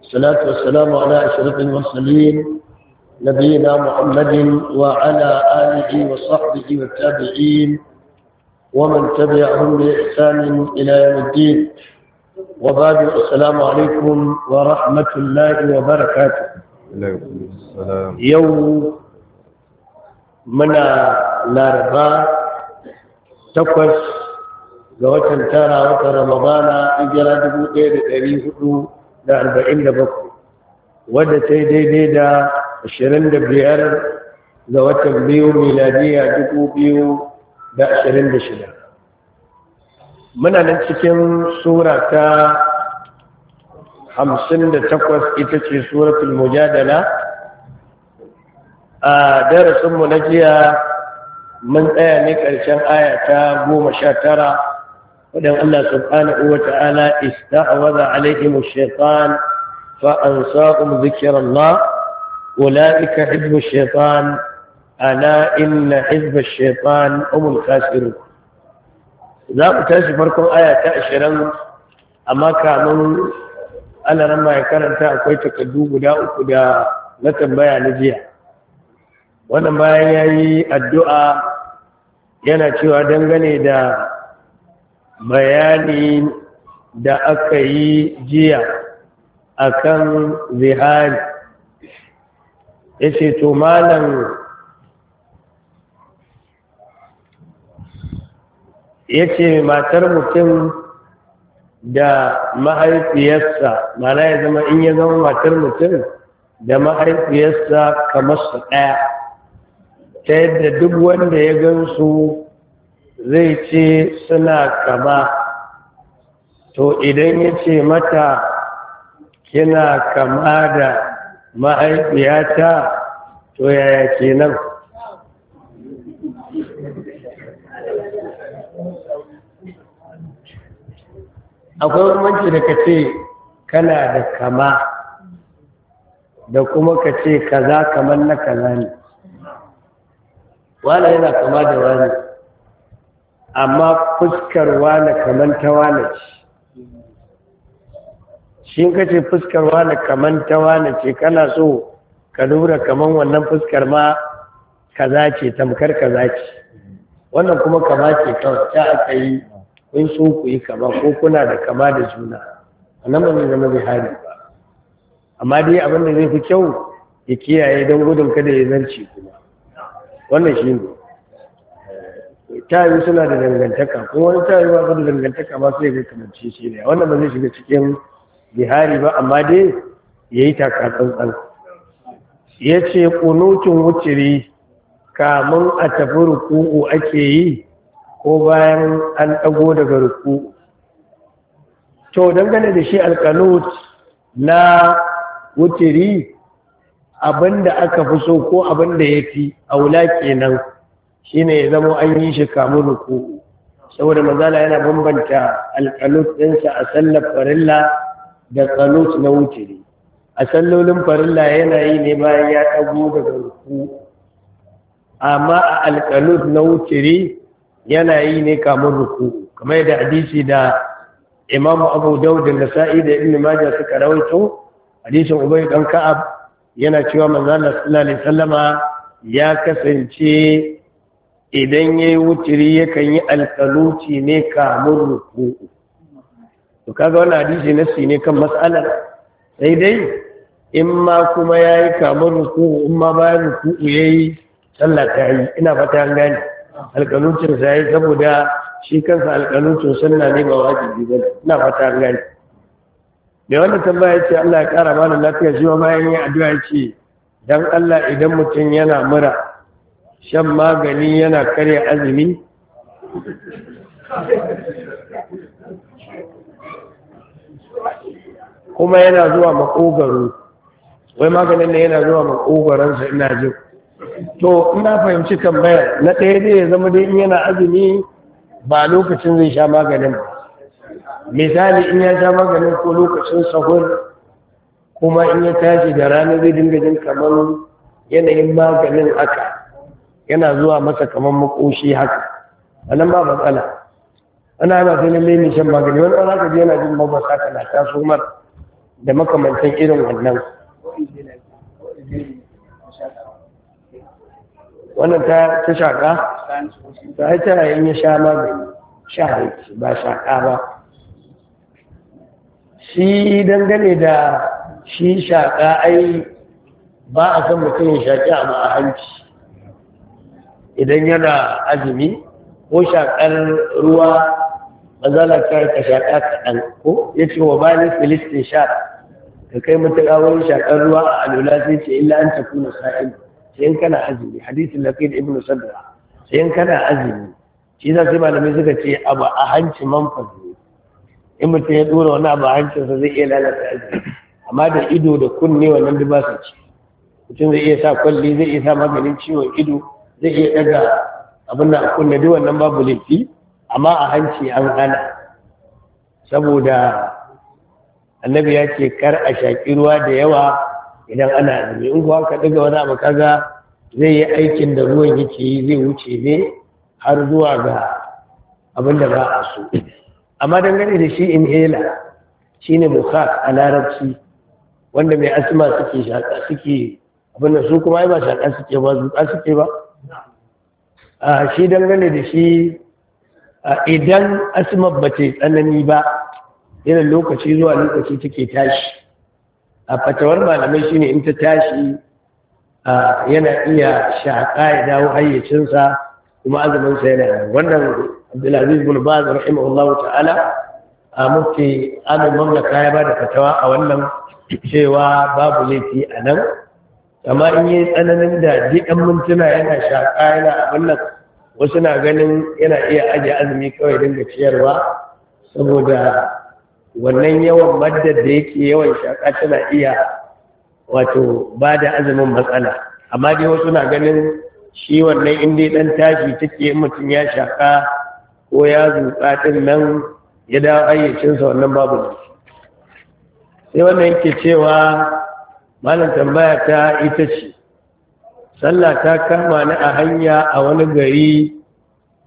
الصلاة والسلام على أشرف المرسلين نبينا محمد وعلى آله وصحبه والتابعين ومن تبعهم بإحسان إلى يوم الدين وبعد السلام عليكم ورحمة الله وبركاته يوم منا لاربا تقص ga watan tara wata ramadana hijira dubu ɗaya da ɗari hudu da arba'in da bakwai wadda ta yi daidai da ashirin da biyar ga watan biyu miladiya dubu biyu da ashirin da shida muna nan cikin sura ta hamsin da takwas ita ce suratul mujadala a darasinmu na jiya mun tsaya ne ƙarshen aya ta goma sha tara ودن الله سبحانه وتعالى استعوذ عليهم الشيطان فأنساهم ذكر الله أولئك حزب الشيطان ألا إن حزب الشيطان هم الخاسرون za ku tashi farkon aya ta ashirin amma kamun ana nan karanta akwai takardu guda uku da na tambaya na jiya wannan bayan ya yi addu'a yana cewa dangane da bayani da aka yi jiya a kan zihari ya ce to malam ya ce matar mutum da mahaifiyarsa mana ya zama in ya zama matar mutum da mahaifiyarsa kamar su ɗaya ta yadda duk wanda ya gansu zai ce suna kama to idan ya ce mata kina kama da mahaifiyata to yaya kenan akwai manci da ka ce kana da kama da kuma ka ce kaza kamar na kaza ne wala yana kama da wani amma fuskar wane kaman ta wane ce shi ka ce fuskar wane kaman ta wane ce kana so ka lura kaman wannan fuskar ma kaza ce tamkar kaza ce wannan kuma kama ce kawai ta aka yi kun so ku yi kama ko kuna da kama da juna wannan ba zai zama hari ba amma dai abin da zai fi kyau ya kiyaye don gudun kada ya zarce kuma wannan shi ne tayi suna da dangantaka kuma wani tayi ba da dangantaka ba sai ga kamar shi ne wannan ba zai shiga cikin bihari ba amma dai yayi taka tsantsan yace kunutun wuciri kamun a tafi ruku'u ake yi ko bayan an dago daga ruku'u to dangane da shi alqanut na wuciri abinda aka fi so ko abinda yafi aula kenan shine ya zamo an yi shi kamun ruku saboda mazala yana bambanta alƙalut ɗinsa a sallar farilla da ƙalut na wuturi a sallolin farilla yana yi ne bayan ya ɗago daga ruku amma a alƙalut na wuturi yana yi ne kamun ruku kamar yadda hadisi da imamu abu daudin da sa'i da ibn majah suka rawaito hadisin ubai dan ka'ab yana cewa manzo Allah sallallahu alaihi wasallama ya kasance idan ya yi wuturi yakan yi alkaluci ne kamun ruku. to kaga wani hadisi na ne kan mas'alar sai dai in ma kuma ya yi kamun ruku, in ma bayan ruku ya yi sallah ta yi ina fata an gane alkalucin sa yi saboda shi kansa alkalucin sunna ne ba wajibi ba ina fata an gane da wanda tambaya ya ce Allah ya ƙara mana lafiya shi ma bayan ya addu'a ya ce dan Allah idan mutum yana mura shan magani yana karya azumi kuma yana zuwa makogaro wai maganin da yana zuwa makogaransa ina jin to ina fahimci tambaya na ɗaya dai ya zama dai in yana azumi ba lokacin zai sha maganin ba misali in ya sha maganin ko lokacin sahur kuma in ya tashi da rana zai dinga jin kamar yanayin maganin aka yana zuwa masa kamar makoshi haka a nan ba matsala ana ana sai lalle mai shan magani wani ɗan haka yana jin babbar haka na taso mar da makamantan irin wannan wannan ta ta shaƙa ta haita tana in ya sha magani sha haiti ba shaƙa ba shi dangane da shi shaƙa ai ba a san mutum ya shaƙi abu a hanci idan yana azumi ko shakar ruwa mazalar ka shaƙa kaɗan ko ya ce wa ni filistin sha ka kai matuƙa wurin shakar ruwa a alula sai ce illa an tafi na sa'in sai in kana azumi hadisin da ibn sadra sai in kana azumi shi za sai malamai suka ce abu a hanci manfas ne in mutum ya ɗora wani abu a hancinsa zai iya lalata azumi amma da ido da kunne wannan duk ba su ci mutum zai iya sa kwalli zai iya sa maganin ciwon ido zai iya daga abin da kunne duk wannan babu laifi amma a hanci an hana saboda annabi ya ce kar a shaƙi ruwa da yawa idan ana azumi in kuwa ka daga wani abu kaga zai yi aikin da ruwan yake yi zai wuce ne har zuwa ga abin da ba a so amma dangane da shi inhaler shine mukhak a larabci wanda mai asma suke shaƙa suke abin da su kuma ai ba shaƙa suke ba zuƙa suke ba a shi dangane da shi idan asimar ba ce tsanani ba yana lokaci zuwa lokaci take tashi a fatawar malamai shi ne in ta tashi yana iya shaƙa ya dawo hayyacinsa kuma azuminsa yana wannan abdulaziz bin baz rahimahullahu ta'ala a mufti amin mamlaka ya ba da fatawa a wannan cewa babu laifi a nan amma in yi tsananin da duk mintuna yana shaƙa yana abin nan wasu na ganin yana iya ajiye azumi kawai dinga ciyarwa saboda wannan yawan maddar da yake yawan shaƙa tana iya wato ba da azumin matsala amma dai wasu na ganin shi wannan in dai ɗan tashi take mutum ya shaƙa ko ya zuƙa ɗin nan ya dawo ayyacinsa wannan babu sai wannan yake cewa malam tambaya ta ita ce sallah ta kama ni a hanya a wani gari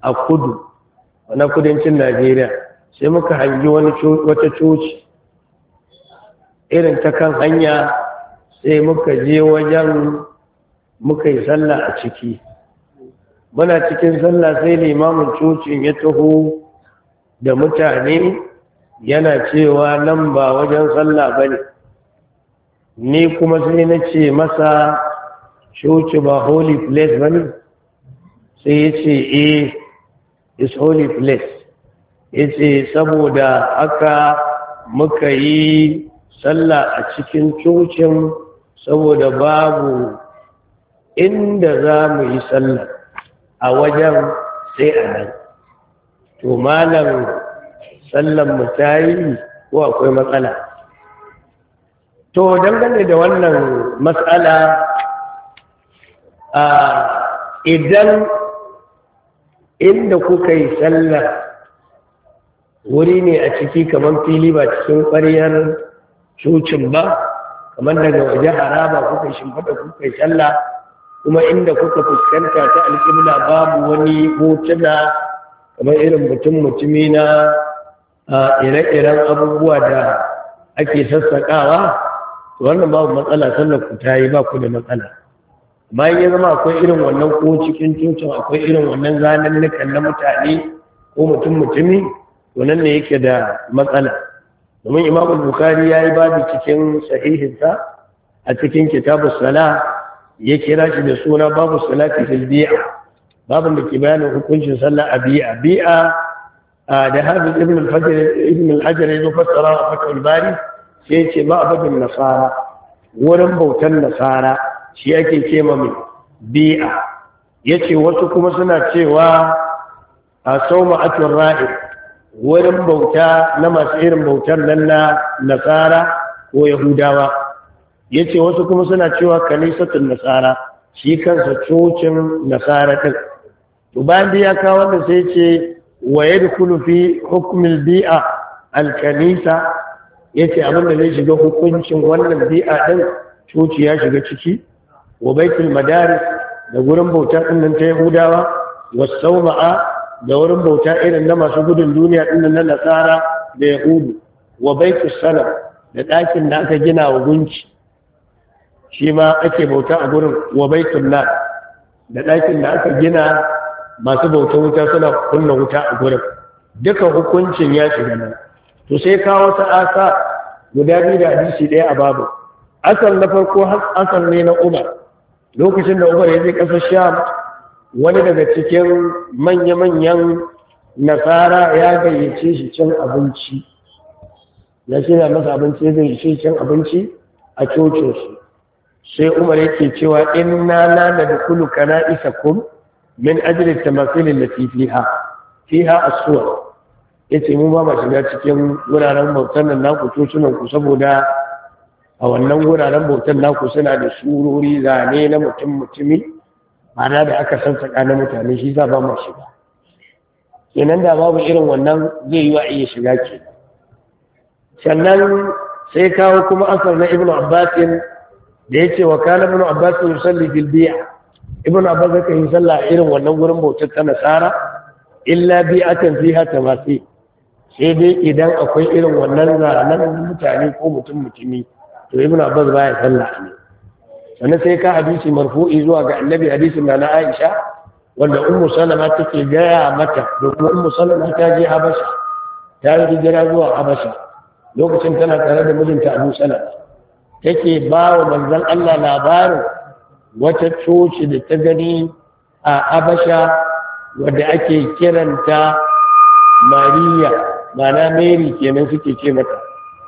a kudu na kudancin najeriya sai muka hangi wata coci irin ta kan hanya sai muka je wajen muka yi sallah a ciki muna cikin sallah sai limamin cocin ya taho da mutane yana cewa nan ba wajen sallah ba ne ni kuma sai na ce masa coci ba holy place ba ne sai ya ce eh is holy place ya ce saboda aka muka yi sallah a cikin cocin saboda babu inda za mu yi sallah a wajen sai a nan to malam sallan mu ta yi ko akwai matsala to dangane da wannan matsala idan inda kuka yi sallah wuri ne a ciki kamar fili ba cikin ƙwariyar cocin ba kamar daga waje haraba kuka yi shimfaɗa kuka yi sallah kuma inda kuka fuskanta ta alƙibla babu wani hotuna kamar irin mutum mutumi na ire-iren abubuwa da ake sassaƙawa wannan babu matsala sannan ku ta yi ba ku da matsala bayan ya zama akwai irin wannan ko cikin cocin akwai irin wannan zanannukan na mutane ko mutum mutumi to nan ne yake da matsala domin imam bukari ya yi babu cikin sahihinsa a cikin kitabu sala ya kira shi da suna babu sala ta bi'a babin da ke bayanin hukuncin sallah a bi'a bi'a da hafiz ibn al-hajar ya zo fassara a fatul bari Ya ce ma'abadin nasara wurin bautan nasara shi ake ce ma mai bi'a ce wasu kuma suna cewa a sauma'atun ra'i wurin bauta na masu irin bautar nan na nasara ko yahudawa yace wasu kuma suna cewa kanisatun nasara shi kansa cocin nasara ɗin to bayan da ya kawo wannan sai ce wa yadkhulu fi hukm bia alkanisa Ya ce abin da zai shiga hukuncin wannan bi'a ɗin coci ya shiga ciki wa baitul madari da gurin bauta din nan ta yahudawa sauma'a da wurin bauta irin na masu gudun duniya din nan na nasara da yahudu wa baitul salam da ɗakin da aka gina wa gunci shi ma ake bauta a gurin wa baitul nar da ɗakin da aka gina masu bauta wuta suna kunna wuta a gurin duka hukuncin ya shiga nan to sai kawo ta asa guda biyu da hadisi ɗaya a babu asal na farko asal ne na umar lokacin da umar ya je ƙasar sham wani daga cikin manya-manyan nasara ya gayyace shi cin abinci ya shirya masa abinci ya gayyace shi cin abinci a shi sai umar yake cewa inna la Kulu kana isakum min ajli tamasilin lati fiha fiha as-suwar yace mu ba ma shiga cikin wuraren bautan nan naku cocunan ku saboda a wannan wuraren bautan naku suna da surori zane na mutum mutumi ma'ana da aka san tsakanin mutane shi za ba ma shiga kenan da babu irin wannan zai yi wa iya shiga ke sannan sai kawo kuma asar na ibnu abbas da ya ce wa kana ibnu abbasin yusalli bil bi'a ibnu abbas zaka yi sallah irin wannan gurin bautar ta nasara illa bi'atan fiha tamasi sai dai idan akwai irin wannan zanen mutane ko mutum mutumi to muna ba baya sallah ne wani sai ka hadisi marfu'i zuwa ga annabi hadisin na aisha wanda ummu salama take gaya mata domin ummu salama ta je habasha ta yi hijira zuwa habasha lokacin tana tare da mijinta abu salama take ba wa manzan allah labarin wata coci da ta gani a Abasha wadda ake kiranta mariya mana mary kenan suke ce mata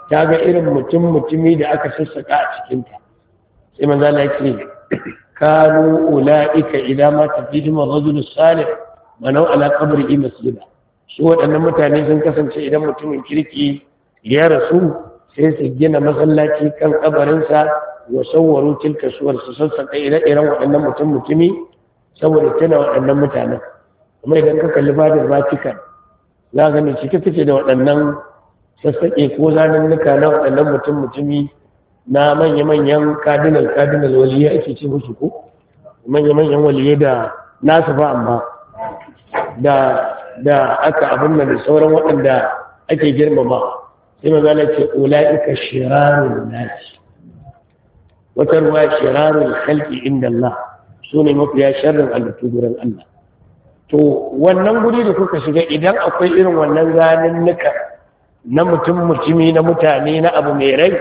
ta ga irin mutum mutumi da aka sassaka a cikinta sai manzo Allah yake kanu ulaika idan ma tafidum rajul salih manau ala qabri masjida su waɗannan mutane sun kasance idan mutumin kirki ya rasu sai su gina masallaci kan kabarinsa wa sawwaru tilka suwar su sassaka ire-iren waɗannan mutum mutumi saboda tana waɗannan mutanen kuma idan ka kalli fadar Vatican za ka cike take da waɗannan sassaƙe ko nuka na waɗannan mutum mutumi na manya-manyan kadinal kadinal waliyya ake ce musu ko manya-manyan waliyya da nasu ba amma da aka abin da sauran waɗanda ake girmama sai zana ce ula'ika shirarun nasi wata ruwa shirarun halki inda Allah su ne mafiya sharrin halittu gurin Allah to wannan guri da kuka shiga idan akwai irin wannan ganin nuka na mutum mutumi na mutane na abu mai rai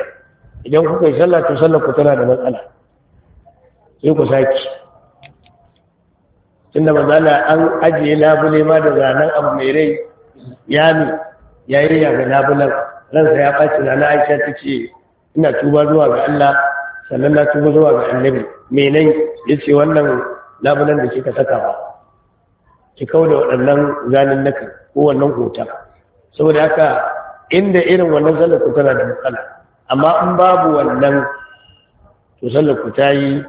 idan kuka yi sallah to sallah ku tana da matsala sai ku saki tunda mazala an ajiye labule ma da zanen abu mai rai ya mi ya yi ga labulan ransa ya ɓaci na na aisha ta ce ina tuba zuwa ga Allah sannan na tuba zuwa ga annabi me ya ce wannan labulan da kika saka ba ki kau da waɗannan zanen naka ko wannan hoton saboda haka inda irin wannan sallar tana da matsala amma in babu wannan to sallar ta yi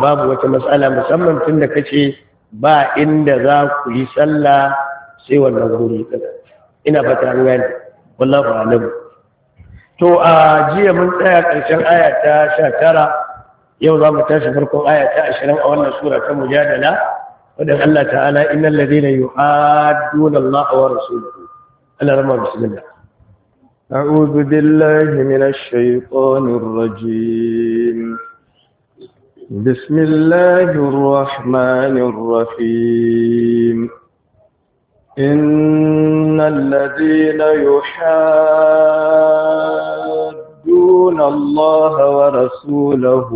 babu wata matsala musamman tun da ka ce, ba inda za ku yi sallah sai wannan guri kada ina fata an gane wallahu a'lam to a jiya mun tsaya ƙarshen aya ta 19 yau za mu tashi farkon aya ta 20 a wannan sura ta mujadala ودن الله تعالى إن الذين يحادون الله ورسوله أنا رمى بسم الله أعوذ بالله من الشيطان الرجيم بسم الله الرحمن الرحيم إن الذين يحادون يؤذون الله ورسوله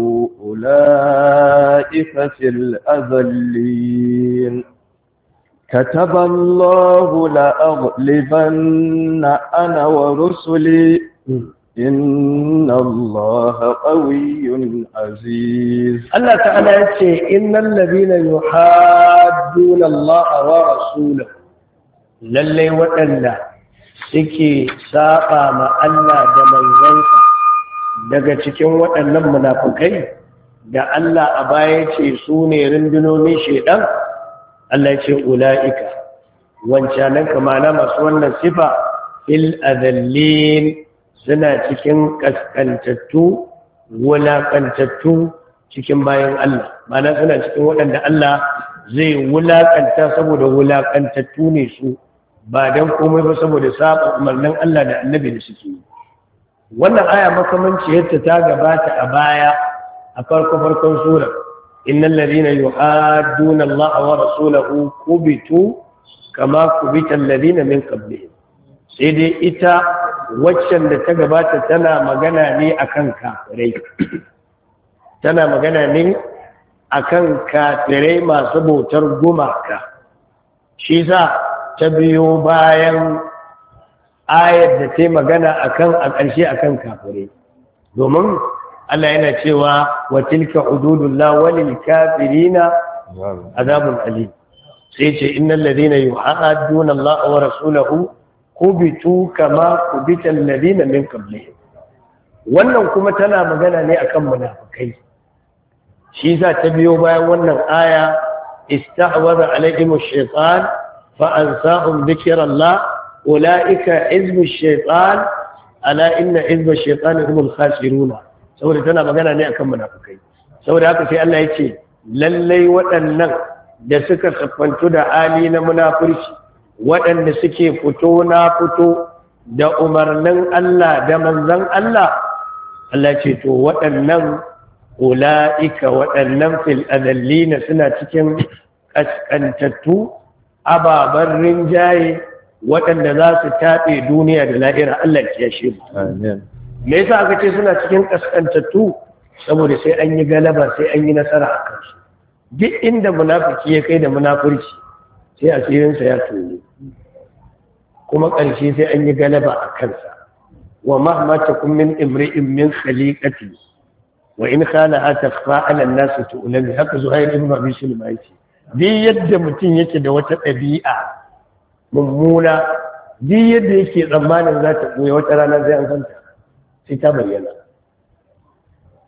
أولئك في الأذلين كتب الله لأغلبن أنا ورسلي إن الله قوي عزيز الله تعالى يقول إن الذين يحادون الله ورسوله للي وإلا سكي ساقام ma Allah da daga cikin waɗannan munafukai da Allah a baya ce su ne rundunomin shaidan Allah ce ula'ika wancanan kamana masu wannan sifa fil azallin suna cikin kaskantattu wulaƙantattu cikin bayan Allah mana suna cikin waɗanda Allah zai wulaƙanta saboda wulaƙantattu ne su ba don komai ba saboda saba umarnin Allah da annabi da suke yi wannan aya makamanci yadda ta gabata a baya a farko farkon sura innal ladina yu'adduna Allah wa rasulahu kubitu kama kubita alladina min qablihim sai dai ita waccan da ta gabata tana magana ne akan kafirai tana magana ne akan kafirai masu bautar gumaka shi sa ta biyo bayan ayar da ta magana akan a ƙarshe akan kafirai domin Allah yana cewa wa tilka hududullah walil kafirina azabun Ali. sai ce innal ladina yuhadduna Allah wa rasulahu kubitu kama kubita alladina min qablihim wannan kuma tana magana ne akan munafukai shi za ta biyo bayan wannan aya istahwaza alaihim ash-shaytan fa ula'ika izbu shaitan ala inna izbu shaitan humul khasiruna saboda tana magana ne akan munafikai saboda haka sai Allah yace lallai waɗannan da suka saffantu da Amina na munafurci waɗanda suke fito na fito da umarnin Allah da manzan Allah Allah ce to waɗannan ula'ika waɗannan fil suna cikin ƙasƙantattu ababen rinjaye waɗanda za su taɓe duniya da la'ira Allah ya shi me yasa aka ce suna cikin kaskantattu saboda sai an yi galaba sai an yi nasara a kansu duk inda munafiki ya kai da munafurci sai asirinsa ya tuni kuma ƙarshe sai an yi galaba a kansa wa mahmata kun min imri'in min khaliqati wa in kana atakfa ala an-nas tu'lam haka zuhair ibn abi sulma yace bi yadda mutum yake da wata ɗabi'a mummuna duk yadda yake tsammanin za ta ɓoye wata rana zai an santa sai ta bayyana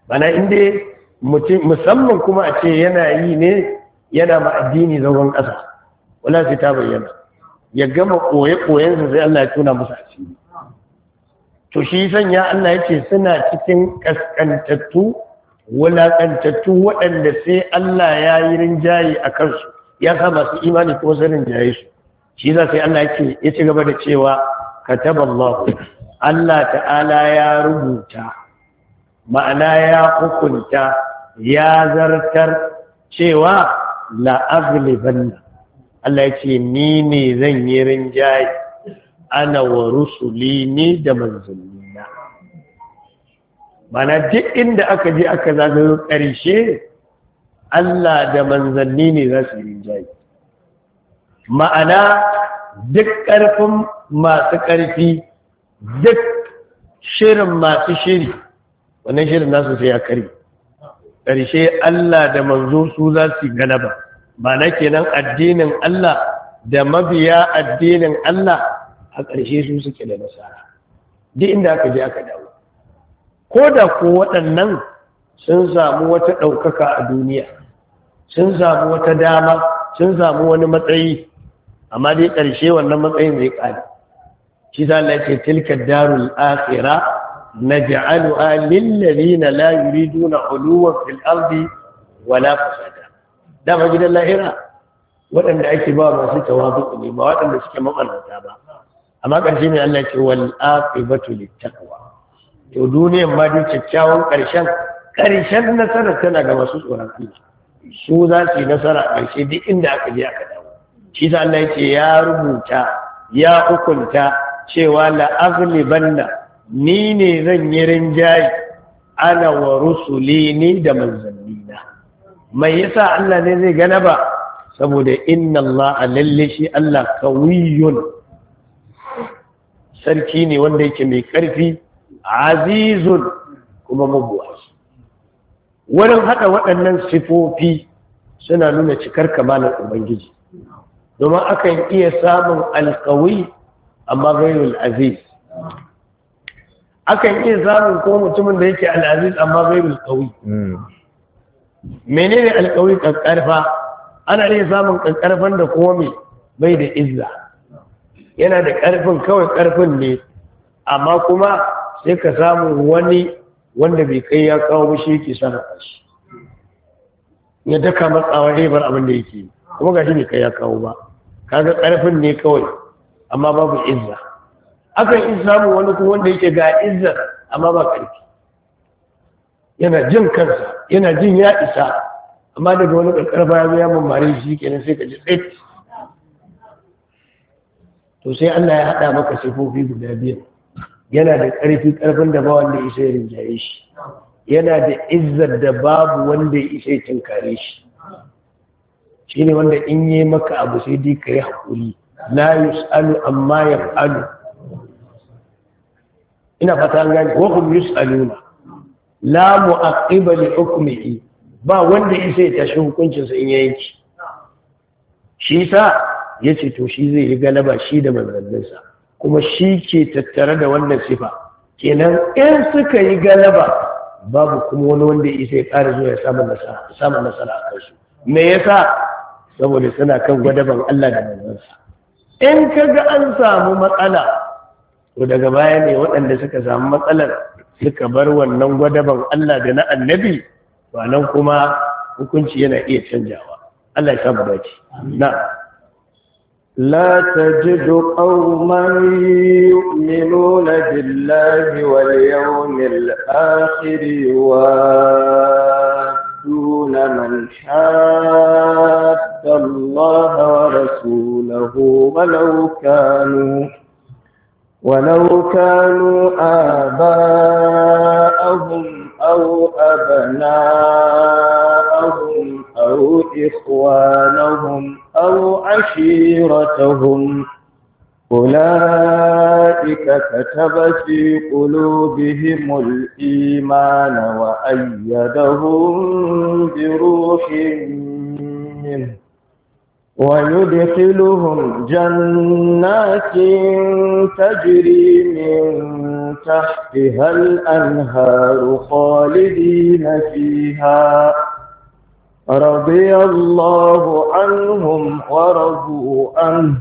bana inda musamman kuma a ce yana yi ne yana ma addini zagon ƙasa wala sai ta bayyana ya gama ɓoye-ɓoyensa sai Allah ya tuna musu asiri to shi sanya Allah ya ce suna cikin ƙasƙantattu wulaƙantattu waɗanda sai Allah ya yi rinjaye a kansu ya sa masu imani ko sanin jaye su shi za sai Allah yake ya ci gaba da cewa ka kataballahu Allah ta'ala ya rubuta ma'ana ya hukunta ya zartar cewa la aghlibanna Allah yake ni ne zan yi rinjaye ana wa rusuli ne da manzannina mana duk inda aka je aka zagayo ƙarshe Allah da manzanni ne za su yi rinjaye ma'ana duk ƙarfin masu ƙarfi duk shirin masu shiri wannan shirin nasu sai ya kari ƙarshe Allah da manzo su za su galaba ma'ana kenan addinin Allah da mabiya addinin Allah a ƙarshe su suke da nasara duk inda aka je aka dawo ko da ko waɗannan sun samu wata ɗaukaka a duniya sun samu wata dama sun samu wani matsayi amma dai ƙarshe wannan matsayin zai ƙare shi za Allah ce tilka darul akhira naj'aluha lil ladina la yuriduna uluwan fil ardi wala fasada dama gidan lahira waɗanda ake ba masu tawazu ne ba waɗanda suke mabarata ba amma ƙarshe ne Allah ce wal aqibatu lit to duniyar ma dai kyakkyawan ƙarshen ƙarshen nasara tana ga masu tsoron su za su yi nasara a ƙarshe duk inda aka je aka shi sa Allah ya rubuta ya hukunta cewa banna ni ne zan yi rinjayi ana wa rusuli ni da manzannina mai yasa Allah ne zai gana ba saboda inna Allah lalle shi Allah kawiyun sarki ne wanda yake mai karfi azizun kuma mabuwa wurin haɗa waɗannan sifofi suna nuna cikar kamalar ubangiji domin akan iya samun alkawi amma gairul aziz akan iya samun ko mutumin da yake al'aziz amma gairul kawi hmm. menene alkawi kankarfa ana iya samun kankarfan da kome bai da izza yana da karfin kawai karfin ne amma kuma sai ka samu wani wanda bai kai ya kawo shi yake sarrafa shi ya daka matsawa bar abin da yake yi kuma shi ne kai ya kawo ba kaga karfin ne kawai amma babu izza akan in samu wani kuma wanda yake ga izza amma ba karfi yana jin kansa yana jin ya isa amma daga wani ba ya zo ya mamare shi kenan sai ka ji tsit to sai Allah ya hada maka sifofi guda biyar yana da karfi karfin da ba wanda isa ya rinjaye shi yana da izzar da babu wanda ya isa ya tinkare shi ne wanda in yi maka abu sai dai ka yi haƙuri la yus'alu amma ya yaf'alu ina fata an gane yi hum ma la a ƙibali hukmihi ba wanda ya sai tashi hukuncin sa in yanki shi sa ya ce to shi zai yi galaba shi da manzanninsa kuma shi ke tattare da wannan sifa kenan in suka yi galaba babu kuma wani wanda ya sai ƙara zuwa ya samun nasara a kansu me yasa saboda suna kan gwadaban Allah da manzansa in ka ga an samu matsala to daga baya ne waɗanda suka samu matsalar suka bar wannan gwadaban Allah da na annabi to nan kuma hukunci yana iya canjawa Allah ya sa dace na'am لا تجد قوما يؤمنون بالله واليوم الآخر يواد يضلون من حاد الله ورسوله ولو كانوا ولو كانوا آباءهم أو أبناءهم أو إخوانهم أو عشيرتهم أولئك كتب في قلوبهم الإيمان وأيدهم بروح منه ويدخلهم جنات تجري من تحتها الأنهار خالدين فيها رضي الله عنهم ورضوا عنه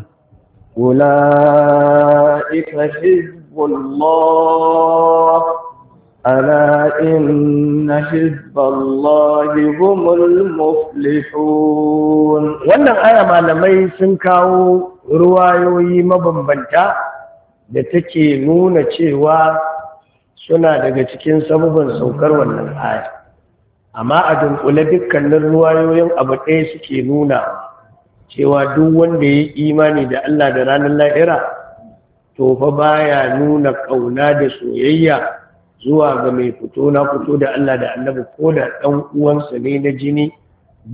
أولئك حزب الله ألا إن حزب الله هم المفلحون wannan aya malamai sun kawo ruwayoyi mabambanta da take nuna cewa suna daga cikin sabbin saukar wannan aya amma a dunkule dukkanin ruwayoyin abu ɗaya suke nuna cewa duk wanda ya imani da Allah da ranar lahira to fa baya nuna kauna da soyayya zuwa ga mai fito na fito da Allah da annabi ko da ɗan uwansa ne na jini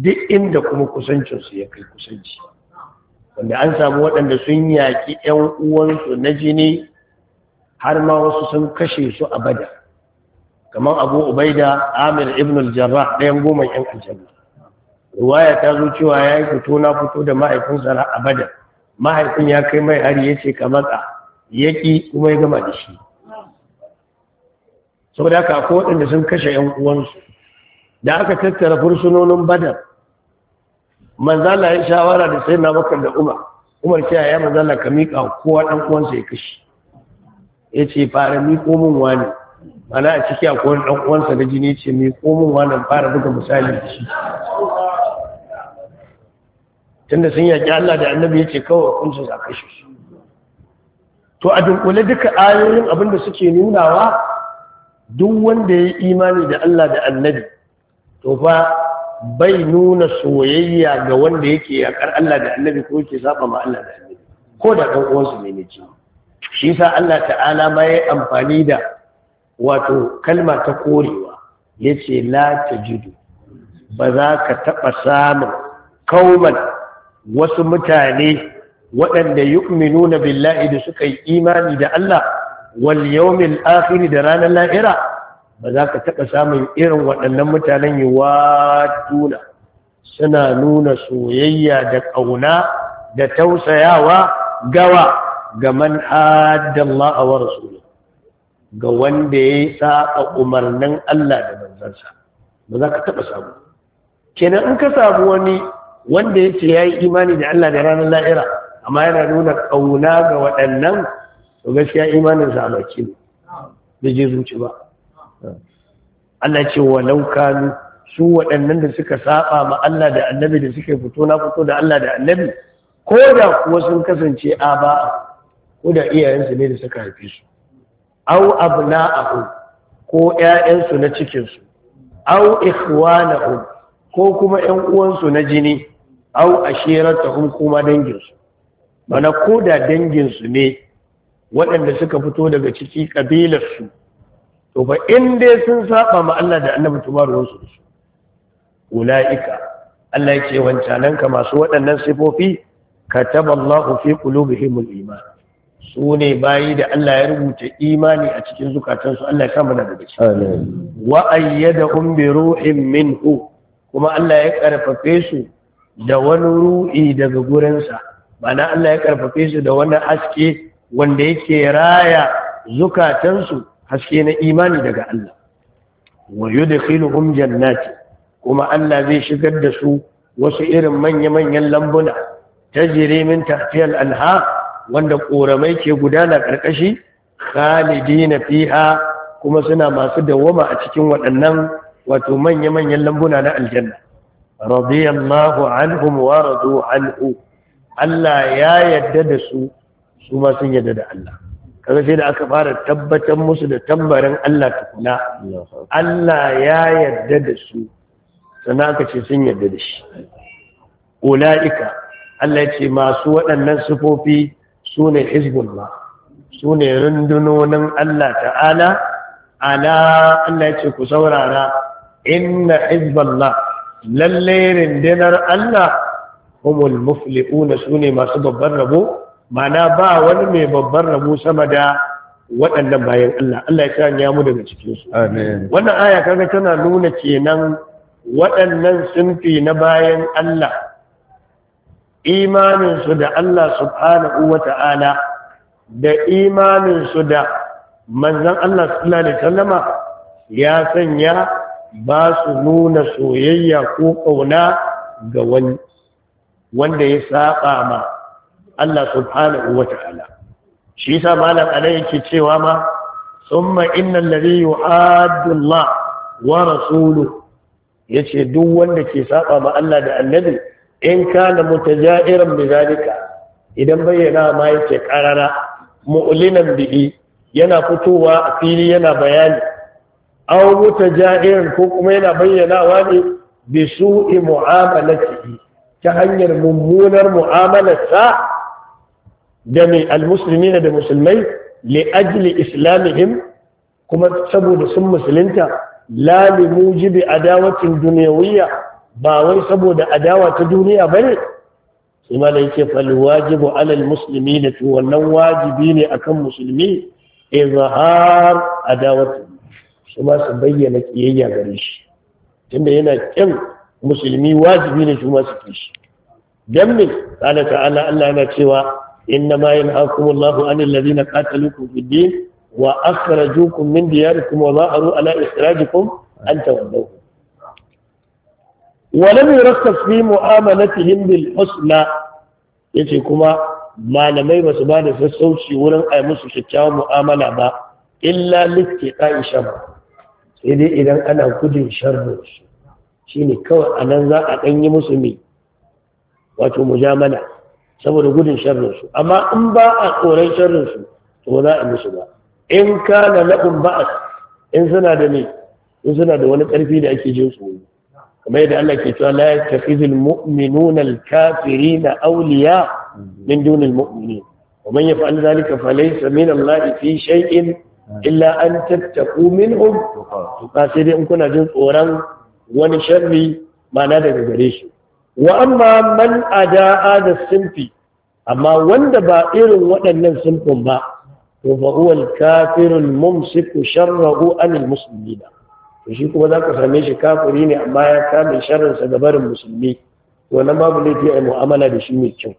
duk inda kuma kusancinsu ya kai kusanci wanda an samu waɗanda sun yaƙi ‘yan uwansu na jini har ma wasu sun kashe su a bada kamar abu ubaida amir ibn al-jarrah ɗayan goma ‘yan aljanna ruwaya ta zo cewa ya yi fito na fito da mahaifinsa a Badar. mahaifin ya kai mai hari ya ce ka matsa ya ƙi kuma ya gama da shi saboda haka ko waɗanda sun kashe ‘yan uwansu da aka tattara fursunonin badar manzala ya shawara da sai na bakar da umar umar ce ya manzala ka miƙa kowa ɗan uwansa ya kashe ya ce fara miƙo min wani mana a ciki akwai ɗan uwansa da jini ce miƙo min wani fara buga misali da shi tunda sun yaƙi Allah da annabi ya ce kawai kunsu a kashe shi. to a dunkule duka ayoyin abinda suke nunawa duk wanda ya yi imani da Allah da annabi to fa bai nuna soyayya ga wanda yake yaƙar Allah da annabi ko yake saba ma Allah da annabi ko da ɗan uwansu ne ne ce shi yasa Allah ta'ala ma ya amfani da wato kalma ta korewa yace la tajidu ba za ka taɓa samun kauman wasu mutane waɗanda yu'minuna billahi da suka yi imani da Allah wal yawmil akhir da ranar lahira, ba za ka taɓa samun irin waɗannan mutanen yi waduna suna nuna soyayya da ƙauna da tausayawa gawa ga man haddallah wa rasulun ga wanda ya saƙa umarnin Allah da manzansa ba za ka taɓa samu kenan in ka samu wani wanda ya ce ya yi imani da Allah da ranar la'ira amma yana nuna ƙauna ga waɗannan to gaskiya imaninsa a da je zuci ba Allah ce walau kanu su waɗannan da suka saba ma Allah da annabi da suka fito na fito da Allah da annabi ko da kuwa sun kasance a ba ko da iyayensu ne da suka haife su au abna'ahu ko ƴaƴansu na cikinsu au ikhwanahum ko kuma ƴan uwansu na jini au hun kuma danginsu mana ko da danginsu ne waɗanda suka fito daga ciki kabilarsu to fa in dai sun saba ma Allah da annabi tumaruwar su su ulaika Allah ya ce wancanan masu waɗannan sifofi kataballahu fi qulubihimul iman su ne bayi da Allah ya rubuta imani a cikin zukatansu Allah ya kama daga ciki wa ayyadahum bi ruhin minhu kuma Allah ya karfafe su da wani ru'i daga gurinsa mana Allah ya karfafe su da wani haske wanda yake raya zukatansu haske na imani daga Allah wa yudkhiluhum jannati kuma Allah zai shigar da su wasu irin manya-manyan lambuna tajri min tahtiyal anha wanda ƙoramai ke gudana karkashi khalidina fiha kuma suna masu dawwama a cikin waɗannan wato manya-manyan lambuna na aljanna radiyallahu anhum wa radu anhu Allah ya yadda da su su ma sun yadda da Allah kaga sai da aka fara tabbatar musu da tambarin Allah tukuna Allah ya yadda da su sannan aka ce sun yadda da shi ula'ika Allah ya ce masu waɗannan sufofi su ne hizbullah su ne rundunonin Allah ta'ala ala Allah ya ce ku saurara inna hizbullah Lallai rindinar Allah humul su sune masu babbar rabo mana ba wani mai babbar rabo sama da waɗannan bayan Allah Allah ya sanya mu daga cikin su wannan aya kaga tana nuna kenan waɗannan sunfi na bayan Allah imanin su da Allah subhanahu wata'ala da imanin su da manzon Allah sallallahu alaihi wasallama ya sanya ba su nuna soyayya ko ƙauna ga wani wanda ya saba ma Allah subhanahu wa ta'ala shi sa malam alai yake cewa ma summa innal ladhi yu'addu Allah wa rasuluhu yace duk wanda ke saba ma Allah da annabi in kana mutaja'iran bi zalika idan bayyana ma yake karara mu'linan bihi yana fitowa a fili yana bayani aw mutaja'irin ko kuma yana bayyanawa ne bi su'i mu'amalatihi ta hanyar mummunar mu'amalarsa da mai almuslimina da musulmai li ajli islamihim kuma saboda sun musulunta la li mujibi adawatin dunyawiyya ba wai saboda adawa ta duniya bane sai malai yake fal wajibu alal muslimina to wannan wajibi ne akan musulmi izhar adawatin su ma su bayyana kiyayya gare shi tunda yana kyan musulmi wajibi ne su ma su kishi dan me qala Allah yana cewa inna ma yanhaakumullahu anil ladina qataluukum fid din wa akhrajuukum min diyarikum wa za'aru ala ikhrajikum an tawaddahu wa lam yurakkab fi mu'amalatihim bil husna yace kuma malamai basu ba da sassauci wurin ai musu kyakkyawan mu'amala ba illa litti aisha ba sai dai idan ana gudun sharrin su shine kawai a nan za a ɗan yi musu mai wato mujamala saboda gudun sharrin su amma in ba a tsoron sharrin su to za a musu ba in ka laɓin ba ba'as in suna da ne in suna da wani ƙarfi da ake jin tsoro kamar yadda Allah ke cewa la yattakhidhul mu'minuna al-kafirina awliya min dunil mu'minin man yaf'al ذلك falaysa min Allah fi shay'in illa an tattaku minhum ba sai dai in kuna jin tsoron wani sharri mana daga gare shi wa amma man ada'a da sinfi amma wanda ba irin waɗannan sinfin ba to fa huwa al-kafirul mumsiku sharrahu anil muslimina to shi kuma za ku same shi kafiri ne amma ya kame sharrin sa gabarin musulmi to babu laifi a mu'amala da shi mai kyau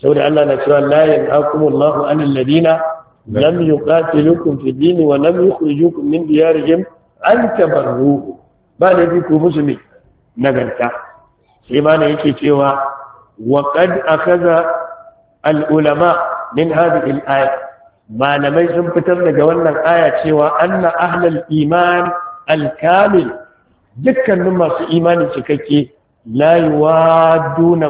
saboda Allah na cewa la yanhaqumullahu anil ladina lam yuqatilukum fi dini wa lam yukhrijukum min diyarihim an tabarru ba da bi ku musulmi nagarta sai ma ne yake cewa wa qad akaza al min hadhihi al aya malamai sun fitar daga wannan aya cewa anna ahlal iman al kamil dukkanin masu imani cikakke la yuwadduna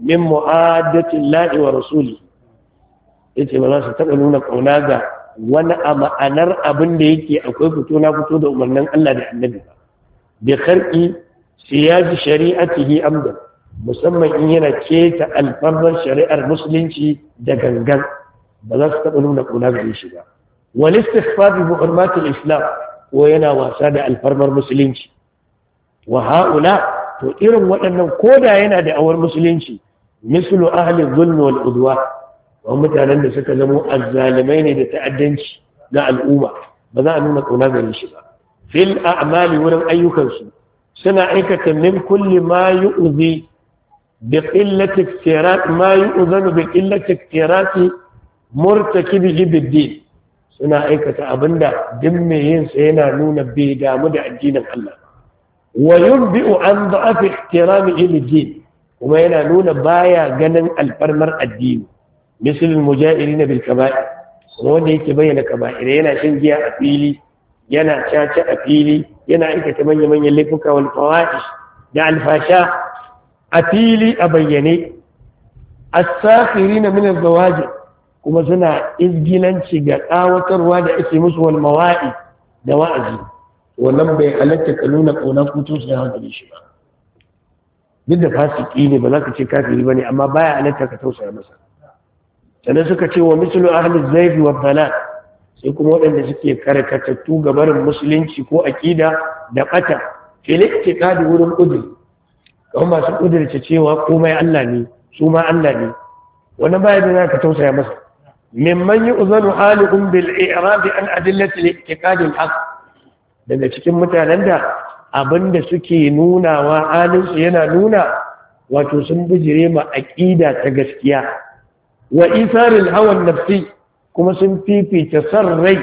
min mu'adati llahi Yace ce ba za su taɓa nuna ƙauna ga wani a ma'anar abin da yake akwai fito na fito da umarnin Allah da annabi ba bi kharqi siyaji shari'atihi amdan musamman in yana keta alfarmar shari'ar musulunci da gangan ba za su taɓa nuna ƙauna ga shi ba wal istighfar bi hurmatil islam ko yana wasa da alfarmar musulunci wa haula to irin waɗannan koda yana da awar musulunci mislu ahli dhulm wal udwa wani mutanen da suka zamo azzalimai ne da ta'addanci na al'umma ba za a nuna ƙauna gare shi ba fil a'mali wurin ayyukansu suna aikata min kulli ma yu'zi bi qillati iktirat ma yu'zanu bi qillati suna aikata abinda duk mai yin sa yana nuna bai damu da addinin Allah wa yunbi'u an da'af ihtirami lid kuma yana nuna baya ganin alfarmar addini misalin mujahiri na bilkaba'i wanda yake bayyana kaba'ira yana shan giya a fili yana caca a fili yana aikata manya-manyan laifuka wal fawa'ish da alfasha a fili a bayyane asafiri na minar zawaji kuma suna izgilanci ga ƙawatarwa da ake musu wal mawa'i da wa'azi wannan bai halatta ka nuna ƙauna kuto su yawan gare shi ba duk da fasiki ne ba za ka ce kafiri ba ne amma baya halatta ka tausaya masa sannan suka ce wa mislu ahli zaifi wa bala sai kuma waɗanda suke karkatattu ga barin musulunci ko aƙida da ɓata ke ƙadi wurin ƙudur kamar masu ce cewa komai Allah ne su ma Allah ne wani bayan da za ka tausaya masa mimman yi uzanu halin bil i'rabi an adillatil i'tiqadil haq daga cikin mutanen da abinda suke nunawa wa su yana nuna wato sun bijire ma aƙida ta gaskiya wa isaril hawan nafsi kuma sun fifita san rai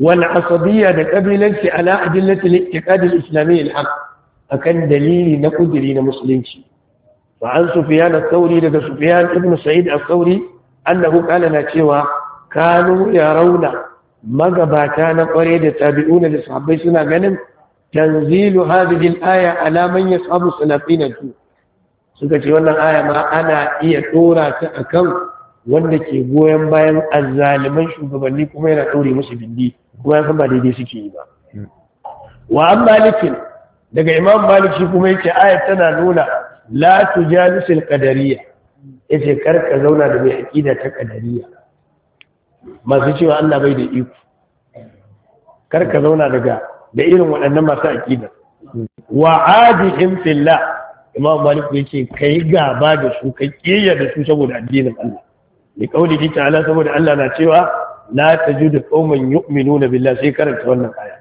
Wani asabiyya da kabilanci ala adillati al-iqad islami al-haq akan dalili na kudiri na musulunci wa an sufyan al sauri daga sufiyan ibn sa'id al-thawri annahu qala na cewa kanu yarawna magabata na kware da tabi'una da sahabbai suna ganin tanzilu hadhihi al-aya ala man yasabu salafina tu suka ce wannan aya ma ana iya dora ta akan wanda ke goyon bayan azzaliman shugabanni kuma yana daure musu bindi kuma ya san ba daidai suke yi ba wa an malikin daga imam malik shi kuma yake aya tana nuna la tujalisul qadariyya yace kar ka zauna da mai aqida ta qadariyya masu cewa Allah bai da iko kar ka zauna daga da irin waɗannan masu aqida wa adihim fillah imam malik ya ce kai gaba da su kai kiyar da su saboda addinin Allah Ni kauli ji ta'ala saboda Allah na cewa la tajudu qauman yu'minuna billahi sai karanta wannan aya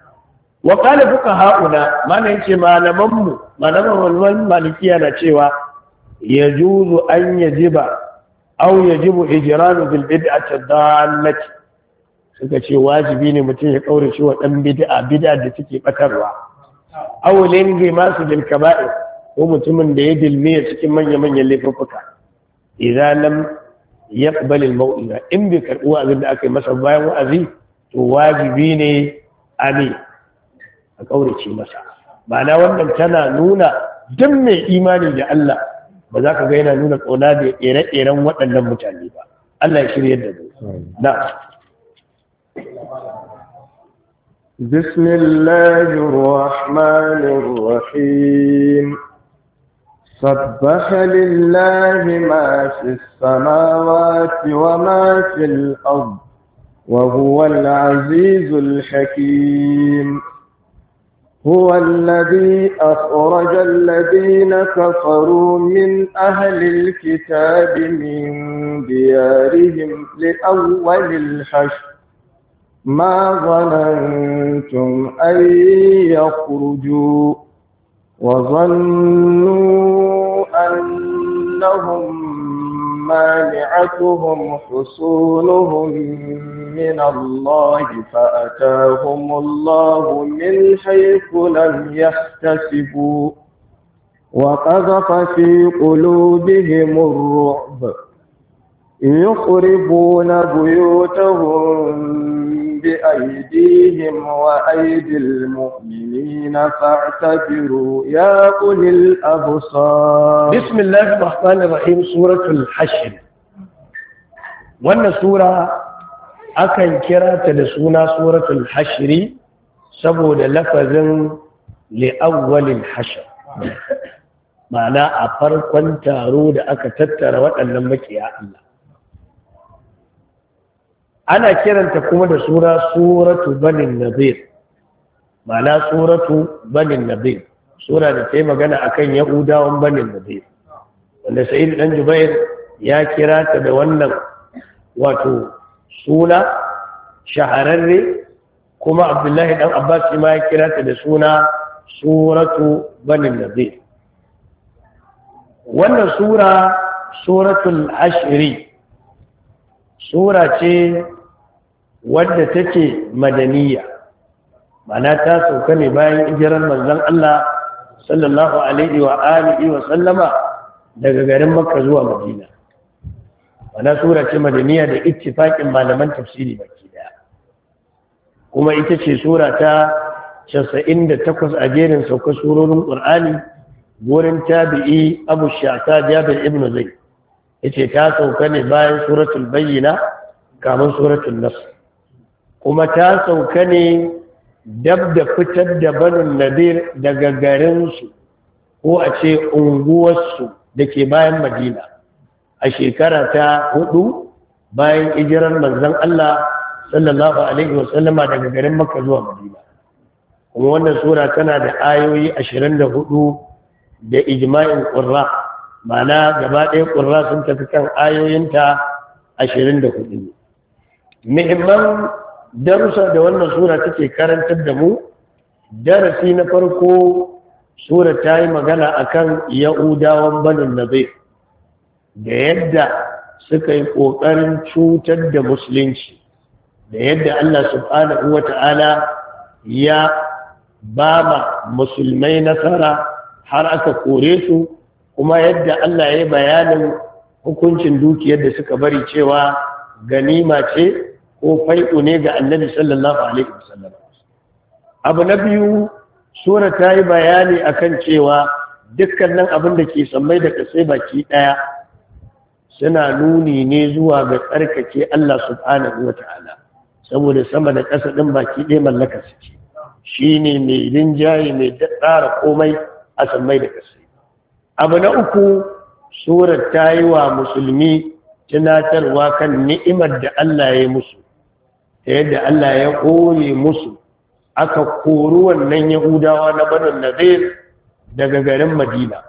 wa qala hauna malan ce malaman mu malaman walwal malikiya na cewa yajuzu an yajiba aw yajibu ijranu bil bid'ati dallati suka ce wajibi ne mutum ya kaurace wa dan bid'a bid'a da take batarwa aw lin masu bil ko mutumin da ya dilmiya cikin manya-manyan laifuffuka idan lam ya al in bai karɓi wa'azin da aka yi masa bayan wa'azi to wajibi ne a a kaurace masa ma'ana wannan tana nuna duk mai imani da Allah ba za ka ga yana nuna kauna da ire-iren waɗannan mutane ba Allah ya shirya da zai na بسم الله الرحمن الرحيم سبح لله ما في السماوات وما في الأرض وهو العزيز الحكيم هو الذي أخرج الذين كفروا من أهل الكتاب من ديارهم لأول الحشر ما ظننتم أن يخرجوا وظنوا أنهم مانعتهم حصولهم من الله فأتاهم الله من حيث لم يحتسبوا وقذف في قلوبهم الرعب يخربون بيوتهم بأيديهم وأيدي المؤمنين فاعتبروا يا أولي الأبصار بسم الله الرحمن الرحيم سورة الحشر wannan sura akan kira ta da suna suratul hashri saboda lafazin li'awwalil hashr ma'ana a farkon taro da aka tattara waɗannan makiya Allah ana kiranta kuma da sura suratu banin nadir ma'ana suratu banin nadir sura da ta yi magana akan yahudawan banin nadir wanda sa'id Ɗan jubair ya kira ta da wannan wato suna shahararre kuma abdullahi Ɗan abbas ma ya kira ta da suna suratu banin nadir wannan sura suratul ashiri sura ce wadda take madaniya mana ta sauka ne bayan ijirar manzon Allah sallallahu alaihi wa alihi wa sallama daga garin Makka zuwa Madina mana sura ce madaniya da ittifaqin malaman tafsiri baki daya kuma ita ce sura ta 98 a jerin sauka surorin Qur'ani gurin tabi'i Abu Shaka Jabir ibnu Zayd yace ta sauka ne bayan suratul bayyina kamar suratul nas kuma ta sauka ne dab da fitar da banin nadir daga garinsu ko a ce unguwarsu da ke bayan madina a shekara ta hudu bayan ijirar manzon Allah sallallahu alaihi wasallama daga garin makka zuwa madina kuma wannan sura tana da ayoyi 24 da ijma'in qurra mana gaba ɗaya ƙurra sun tafi kan ayoyinta ashirin da hudu muhimman darussa da wannan sura take karantar da mu darasi na farko sura ta yi magana a kan ya'udawan banin zai. da yadda suka yi ƙoƙarin cutar da musulunci da yadda allah subhanahu wa ta'ala ya ba musulmai nasara har aka kore su kuma yadda Allah ya yi bayanin hukuncin dukiyar da suka bari cewa ganima ce ko fai'u ne ga annabi sallallahu alaihi wasallam abu na biyu sura ta yi bayani akan cewa dukkanin abin da ke sammai da kase baki daya suna nuni ne zuwa ga tsarkake Allah subhanahu wa ta'ala saboda sama da ƙasa ɗin baki ɗaya mallaka suke shi ne mai rinjaye mai tsara komai a sammai da kase abu na uku surar ta yi wa musulmi tunatarwa kan ni'imar da Allah ya musu ta yadda Allah ya kore musu aka kori wannan yahudawa na banin nazir daga garin madina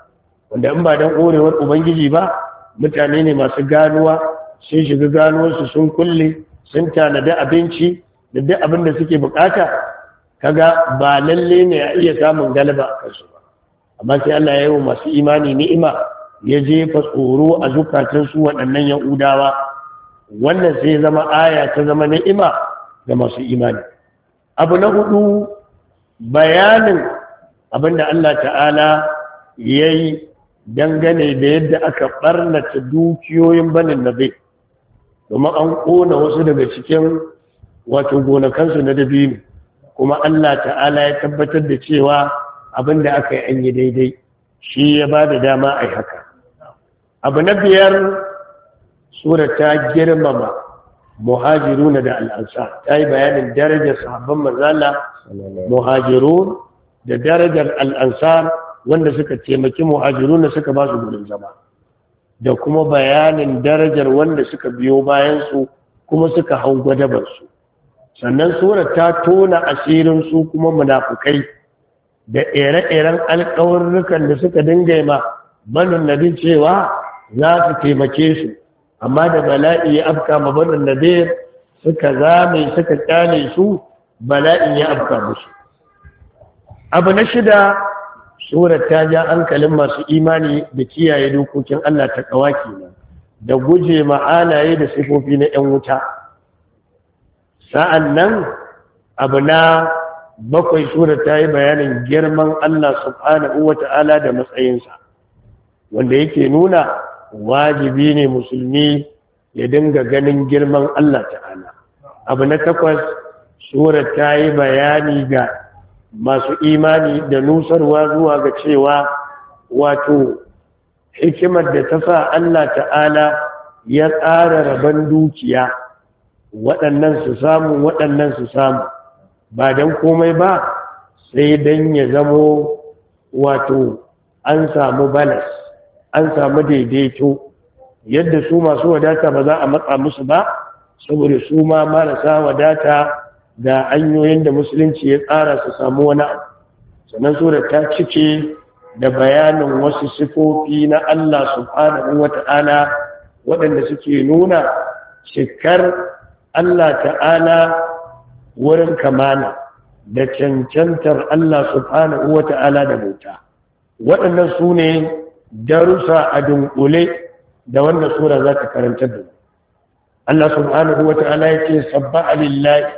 wanda in ba don korewar ubangiji ba mutane ne masu ganuwa sun shiga ganuwarsu sun kulle sun tanadi abinci da duk abin da suke bukata kaga ba lalle ne a iya samun galiba a kansu amma sai Allah ya yi wa masu imani ni'ima ya jefa tsoro a zukatansu su waɗannan yahudawa wannan sai zama aya ta zama ni'ima ga masu imani abu na hudu bayanin abinda Allah ta'ala ya yi dangane da yadda aka ɓarnata dukiyoyin banin na zai domin an ƙona wasu daga cikin wato gonakansu na dabi kuma Allah ta'ala ya tabbatar da cewa abin da aka yi an yi daidai shi ya ba da dama a haka abu na biyar sura ta girmama muhajiruna da al'ansa ta yi bayanin darajar sahabban mazala muhajirun da darajar al'ansar wanda suka taimaki muhajiruna suka ba su gudun zama da kuma bayanin darajar wanda suka biyo bayansu kuma suka hau gwadabarsu sannan sura ta tona asirin su kuma munafukai da ire-iren alkawarrukan da suka dinga ma banin nabi cewa za su taimake su amma da bala'i ya afka ma banin nabi suka zame suka kyale su bala'i ya afka musu abu na shida Surat ta ja hankalin masu imani da kiyaye dokokin Allah ta kawa kenan da guje ma'anaye da sifofi na 'yan wuta Sa'annan, nan abu na bakwai sura ta yi bayanin girman Allah subhanahu wa ta'ala da matsayinsa wanda yake nuna wajibi ne musulmi ya dinga ganin girman Allah ta'ala abu na takwas sura ta yi bayani ga masu imani da nusarwa zuwa ga cewa wato hikimar da ta sa Allah ta'ala ya tsara rabon dukiya waɗannan su samu waɗannan su samu ba don komai ba sai Dan ya zamo wato an samu balas an samu daidaito yadda su masu wadata ba za a matsa musu ba saboda su ma marasa wadata da hanyoyin da musulunci ya tsara su samu wani abu sannan sura ta cike da bayanin wasu sifofi na Allah subhanahu wata'ala waɗanda suke nuna shikar Allah ta'ala wurin kamana da cancantar Allah subhanahu wa ta'ala da bauta waɗannan su ne darussa a dunkule da wannan sura za ta karanta da Allah subhanahu wa ta'ala ya ce sabba'a lillahi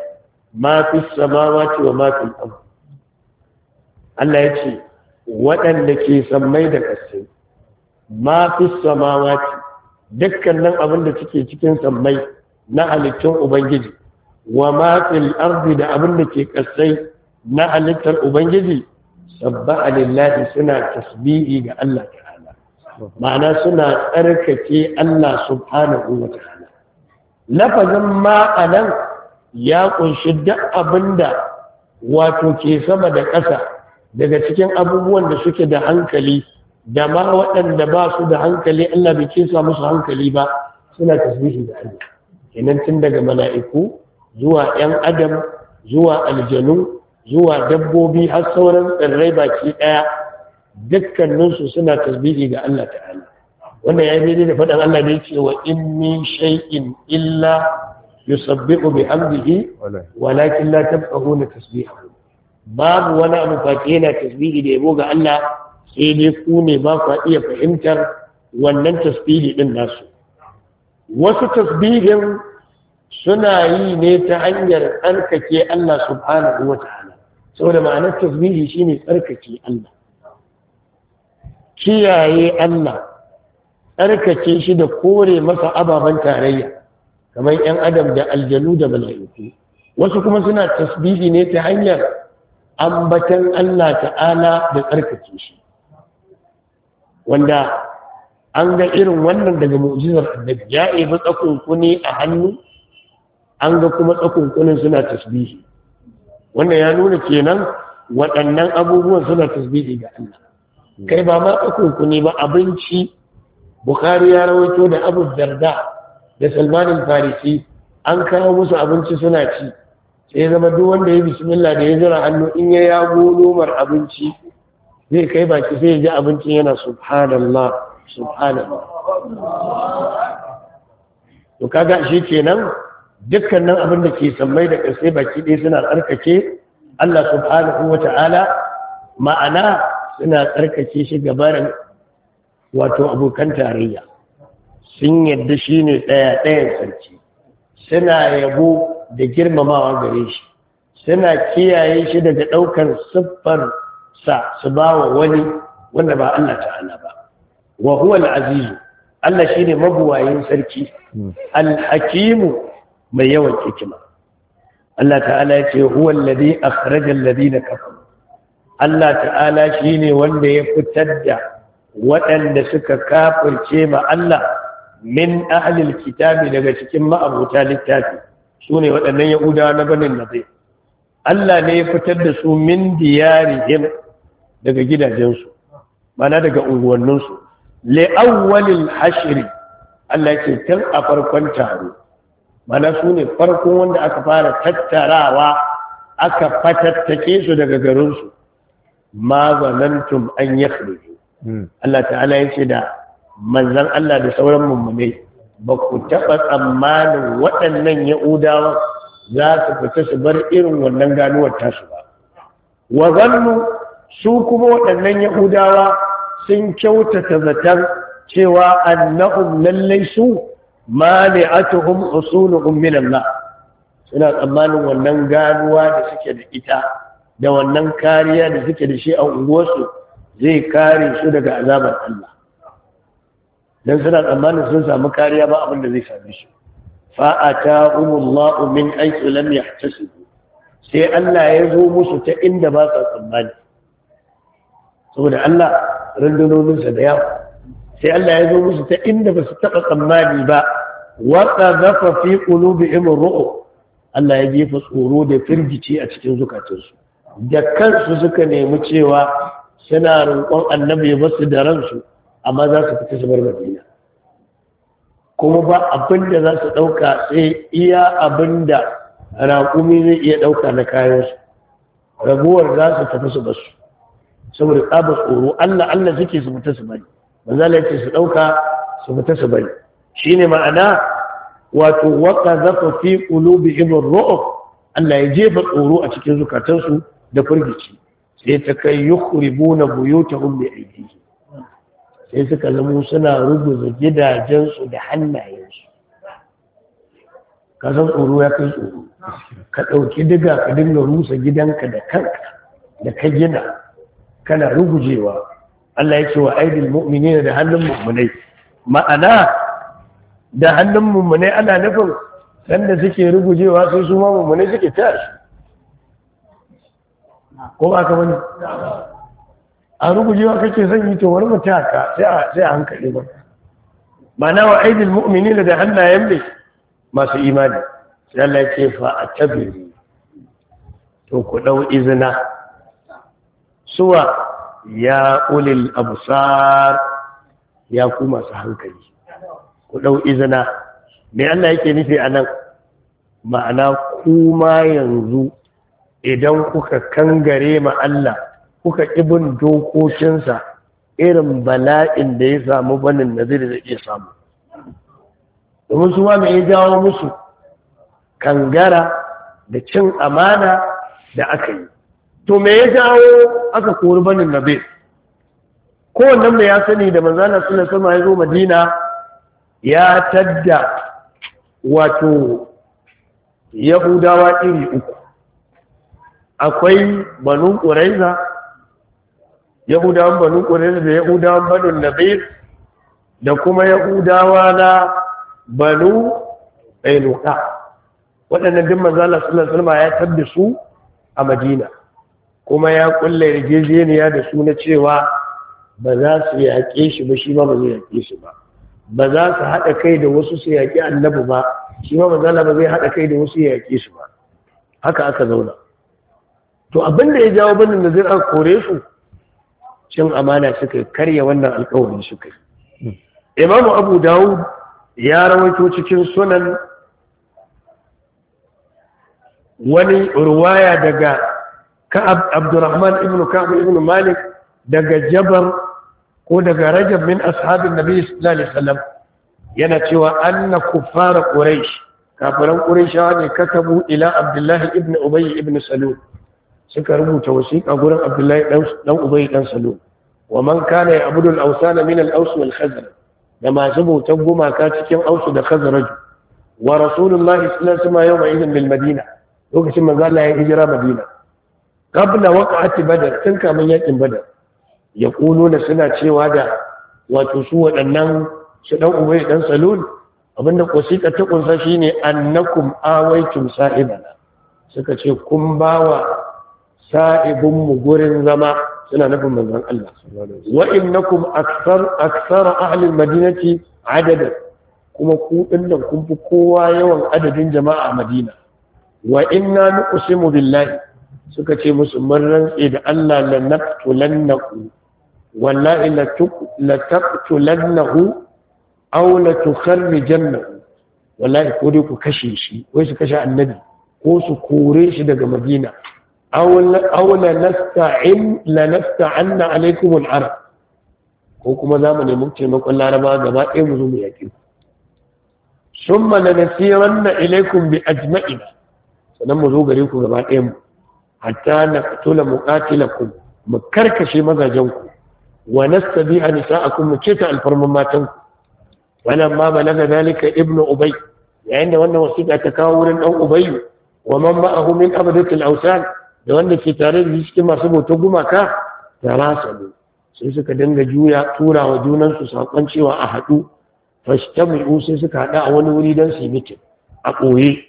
ma fi samawati wa ma fi al Allah ya ce waɗanda ke sammai da ƙasai ma fi samawati dukkanin abin da suke cikin sammai na halittun ubangiji wa ma fil da abin da ke kasai na halittar ubangiji sabbaha lillahi suna tasbihi ga Allah ta'ala ma'ana suna tsarkake Allah subhanahu wa ta'ala lafazin ma'anan ya kunshi duk abinda wato ke sama da ƙasa daga cikin abubuwan da suke da hankali da ma waɗanda ba su da hankali Allah bai kisa musu hankali ba suna tasbihi da Allah kenan tun daga mala'iku zuwa 'yan adam zuwa aljanu zuwa dabbobi har sauran tsirrai baki ɗaya dukkaninsu suna tasbihi ga Allah ta'ala wannan ya daidai da faɗan Allah ne cewa in min shay'in illa yusabbihu bi walakin la tabqahuna tasbihahu babu wani abu face yana tasbihi da yabo ga Allah sai dai ku ne ba ku iya fahimtar wannan tasbihi din nasu wasu tasbihin suna yi ne ta hanyar tsarkake Allah subhanahu wa ta'ala saboda ma'anar tasbihi shine tsarkake Allah kiyaye Allah tsarkake shi da kore masa ababen tarayya kamar yan adam da aljanu da mala'iku wasu kuma suna tasbihi ne ta hanyar ambatan Allah ta'ala da tsarkake shi wanda an ga irin wannan daga mu'jizar annabi ya ebi tsakon ne a hannu an ga kuma tsakunkunin suna tasbihi wannan ya nuna kenan waɗannan abubuwan suna tasbihi ga Allah kai ba ma tsakunkuni ba abinci Bukhari ya rawaito da Abu Darda da Salman farisi an kawo musu abinci suna ci sai zama duk wanda ya bismillah da ya jira hannu in ya yago nomar abinci zai kai baki sai ya ji abincin yana subhanallah subhanallah to kaga shi kenan dukkanin abin da ke sammai da ƙasai baki ɗaya suna tsarkake Allah subhanahu wa ta'ala ma'ana suna tsarkake shi gabarin wato abokan tarayya sun yadda shi ne ɗaya ɗayan sarki suna yabo da girmamawa gare shi suna kiyaye shi daga ɗaukar siffar sa su ba wa wani wanda ba Allah ta'ala ba wa huwa al-azizu Allah shine mabuwayin sarki hmm. al-hakimu mai yawan hikima Allah ta'ala ya ce huwa alladhi akhraja alladhina kafaru Allah ta'ala shine wanda ya fitar da waɗanda suka kafirce ma Allah min ahlil kitabi daga cikin ma'abuta littafi sune waɗannan yahudawa na banin nabi Allah ne ya fitar da su min diyarihim daga gidajensu mana daga unguwanninsu li'awwalil hashri Allah ce tun a farkon taro mana su ne farko wanda aka fara tattarawa aka fatattake su daga garinsu ma zanantum an ya hmm. Allah ta'ala ya ce da manzan Allah da sauran mumunai ba ku taɓa tsammanin waɗannan ya'udawa za su fita su bar irin wannan ganuwar tasu ba wa zannu su kuma waɗannan yahudawa sun kyautata zaton cewa annahum lallai su mani'atuhum usuluhum min Allah suna tsammanin wannan ganuwa da suke da ita da wannan kariya da suke da shi a unguwarsu zai kare su daga azabar Allah dan suna tsammanin sun samu kariya ba abin da zai same shi fa atahumullahu min aysu lam yahtasibu sai Allah ya zo musu ta inda ba sa tsammani saboda Allah sa da yawa sai Allah ya zo musu ta inda ba su taɓa tsammani ba wata zafa fi ƙulubi imin ro'o Allah ya jefa tsoro da firgici a cikin zukatansu da kansu suka nemi cewa suna roƙon annabi ya basu da ransu amma za su fita su madina kuma ba abin da za su ɗauka sai iya abin da raƙumi zai iya ɗauka na kayansu raguwar za su tafi su basu saboda tsabar tsoro Allah Allah suke su fita su bari manzala yace su ɗauka su fita su bari shine ma'ana wato waka zafa fi qulubi ibn Allah ya jefa tsoro a cikin zukatansu da furgici sai ta kai yukhribuna buyutahum bi aydihi sai suka zamo suna gidajen gidajensu da hannayensu su tsoro ya kai tsoro ka ɗauki diga ka dinga rusa gidanka da kanka da ka gina kana rugujewa Allah ya ce wa aidil mu'minina da hannun mu'minai ma'ana da hannun mu'minai ana nufin sanda suke rugujewa sai su ma mu'minai suke tayar ko ba ka bane a rugujewa kake son yi to wani mutum ka sai a sai a hankali ba ma'ana wa aidil mu'minina da hannayen ne masu imani sai Allah ya ce fa a atabiri to ku dau izina suwa ya ulil absar ya ku masu hankali ku dau izina me Allah yake nufi anan ma'ana kuma yanzu idan kuka kangare ma Allah kuka ibin dokokinsa irin bala'in da ya samu banin naziri da iya samu domin su ma mai jawo musu kangara da cin amana da aka yi to me ya jawo aka kori banin nabe kowannen mai ya sani da manzana suna sama ya zo madina ya tadda wato yahudawa iri uku akwai banin ƙuraiza yahudawan banin ƙuraiza da yahudawan banin nabe da kuma yahudawa na banu ainuka waɗannan duk manzana suna sama ya tabbisu su a madina kuma ya kulle yarjejeniya da su na cewa ba za su yaƙe shi ba shi ba ba zai yaƙe shi ba ba za su haɗa kai da wasu su yaƙi annabi ba shi ma manzala ba zai haɗa kai da wasu ya yaƙe su ba haka aka zauna to abinda ya jawo banin da zai aka kore su cin amana suka karya wannan alƙawarin suka yi imamu abu dawud ya rawaito cikin sunan wani ruwaya daga ka'ab abdurrahman ibn ka'ab ibn malik daga jabar ko daga rajab min ashabin nabi sallallahu alaihi yana cewa anna kuffar quraish kafiran quraish ne katabu ila abdullah ibn ubay ibn salul suka rubuta wasiqa gurin abdullah dan ubay dan salul wa man kana ya'budu al-awsana min al-aws wal khazraj da ma zubu tanguma ka cikin aws da khazraj wa rasulullahi sallallahu alaihi wasallam yawma idin bil madina lokacin manzo Allah ya hijira madina qabla waqa'ati badar tun kamun yakin badar ya na suna cewa da wato su wadannan su dan ubay dan salul abinda kosika ta kunsa shine annakum awaitum sa'ibana suka ce kun bawa sa'ibun mu gurin zama suna nufin manzon Allah wa innakum akthar aksara ahli madinati adada kuma ku dinnan kun fi kowa yawan adadin jama'a a Madina wa inna nuqsimu billahi suka ce musu mun rantse da Allah la naqtulannahu wallahi la la taqtulannahu aw la tukharrijannahu wallahi ko dai ku kashe shi wai su kashe annabi ko su kore shi daga madina aw la nasta'in la nasta'anna alaikum al-arab ko kuma za mu nemi makon laraba gaba ɗaya mu zo mu yaƙi ku summa na ilaikum bi ajma'ina sannan mu zo gare ku gaba ɗaya mu hatta naqtula ku mu karkashe mazajenku wa a nisa'akum mu keta alfarman ku wannan ma balaga zalika ibnu ubay yayin da wannan wasiƙa ta kawo wurin ɗan ubay wa man ma'ahu min abadatil awsan da wanda ke tare da cikin masu bautar gumaka tarasalu sai suka dinga juya tura wa junan su sakon cewa a haɗu fashtamu sai suka haɗa a wani wuri don su yi mitin a ɓoye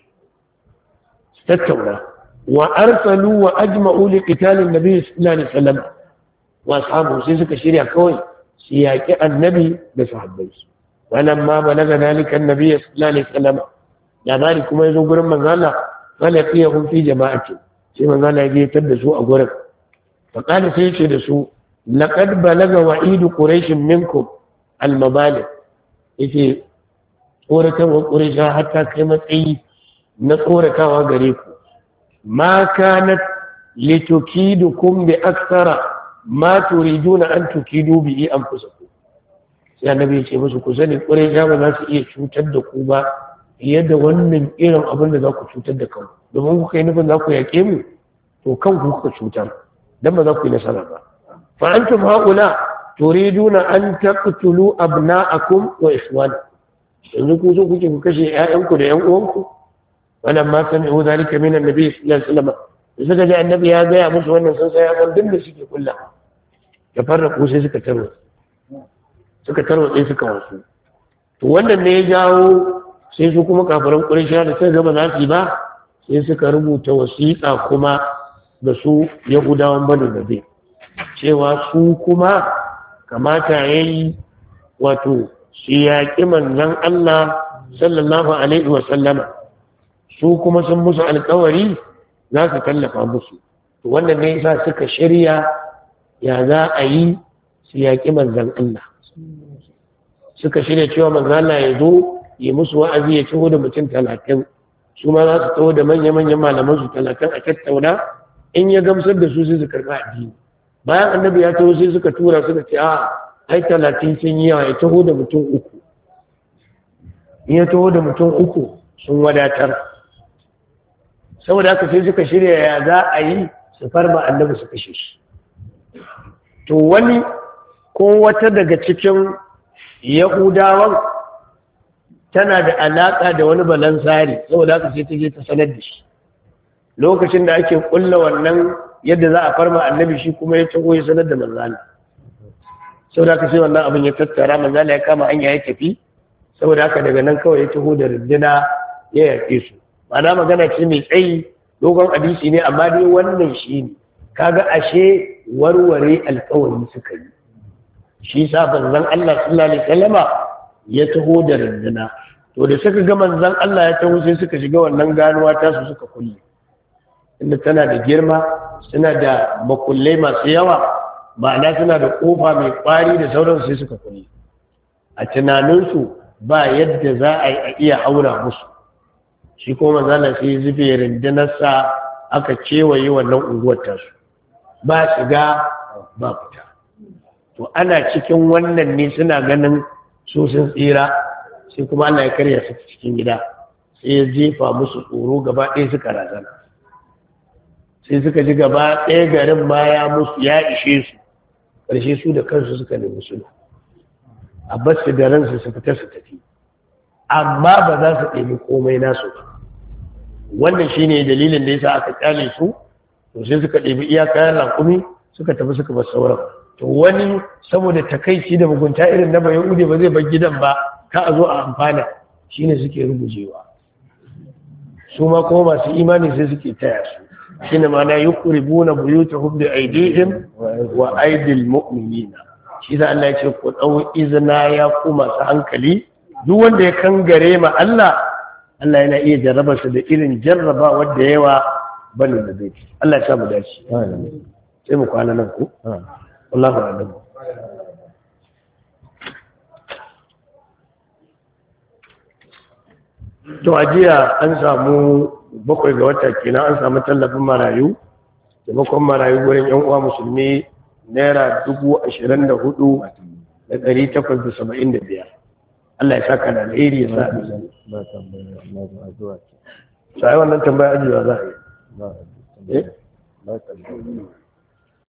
tattauna wa arsalu wa ajma'u li qitalin nabi sallallahu alaihi wasallam wa sai suka shirya kawai su yaki annabi da sahabbai walamma balaga dalika annabi sallallahu alaihi wasallam labari kuma yazo gurin manzo Allah wala qiyahum fi jama'ati sai manzo Allah ya tar da su a gurin fa sai ce da su laqad balaga wa'idu quraish minkum al-mabalig yace tsoratawa quraish hatta kai matsayi na tsoratawa gare ku ma Litukidu litukidukum bi aksara ma turiduna an tukidu bi anfusakum sai ce musu ku sani ƙurai ba za su iya cutar da ku ba fiye da wannan irin abin da za ku cutar da kanku domin kuka yi nufin za ku yaƙe mu to kanku kuka cutar dan ba za ku yi nasara ba fa antum turiduna an taqtulu abna'akum wa ikhwanakum yanzu ku so kuke ku kashe 'ya'yanku da 'yan uwanku ولما سمعوا ذلك من النبي صلى الله عليه وسلم suka ji annabi ya gaya musu wannan sun sai yasan duk da suke kulla ya farraku sai suka tarwa suka tarwa sai suka wasu to wannan ne ya jawo sai su kuma kafaran ƙurishiya da suka gaba za ba sai suka rubuta wasiƙa kuma da su yahudawan banu da zai cewa su kuma kamata ya yi wato su yaƙi allah sallallahu alaihi su kuma sun musu alkawari za ka kallafa musu to wannan ne yasa suka shirya ya za a yi su yaƙi manzan Allah suka shirya cewa manzan Allah ya zo yi musu wa'azi ya ciho da mutum talatin su ma za su taho da manya-manyan malaman su talatin a tattauna in ya gamsar da su sai su karɓi addini bayan annabi ya taho sai suka tura suka ce a ah, ai talatin sun yi yawa ya taho da mutum uku in ya taho da mutum uku sun wadatar saboda haka sai suka shirya ya za a yi su farma annabi su kashe shi to wani ko wata daga cikin yahudawan tana da alaƙa da wani balansari saboda haka sai ta je ta sanar da shi lokacin da ake kulla wannan yadda za a farma annabi shi kuma ya tago ya sanar da manzana saboda haka sai wannan abin ya tattara manzana ya kama hanya ya tafi saboda haka daga nan kawai ya taho da rundina ya yarfe su ma'ana magana ce mai tsayi dogon hadisi ne amma dai wannan shi ne kaga ashe warware alkawari suka yi shi sa manzon Allah sallallahu alaihi wasallama ya taho da rinduna to da suka ga manzon Allah ya taho sai suka shiga wannan ganuwa ta su suka kulle inda tana da girma suna da makullai masu yawa ma'ana suna da kofa mai kwari da sauran sai suka kulle a tunaninsu ba yadda za a iya haura musu shi ko manzala sai zube rindinarsa aka kewaye wannan unguwar tasu ba shiga ba fita to ana cikin wannan ne suna ganin su sun tsira sai kuma ana ya karya su cikin gida sai ya jefa musu tsoro gaba ɗaya suka razana sai suka ji gaba ɗaya garin ma ya musu ya ishe su ƙarshe su da kansu suka nemi su. a basu da su su fita su tafi amma ba za su ɗebi komai nasu ba wannan shine dalilin da yasa aka kyale su to sai suka ɗebi iya kayan raƙumi suka tafi suka bar sauran to wani saboda takaici da mugunta irin na bayan ude ba zai bar gidan ba ka a zo a amfana shine suke rubujewa su ma kuma masu imani sai suke taya su shine ma na yuqribuna buyutahum bi aydihim wa aidil mu'minina shi da Allah ya ce ku dau izna ya ku masu hankali duk wanda ya kangare ma Allah Allah yana iya jarrabarsa da irin jarraba wadda yawa bane da zai Allah ya mu dace sai mu kwana nan ko Allahu a'lam to ajiya an samu bakwai ga wata kenan an samu tallafin marayu taimakon marayu wurin yan uwa musulmi naira dubu ashirin da hudu da ɗari takwas da saba'in da biyar Allah ya saka da alheri ya sa ba tambaya na zuwa addu'a sai wannan tambaya ajiya za a yi ba eh? tambaya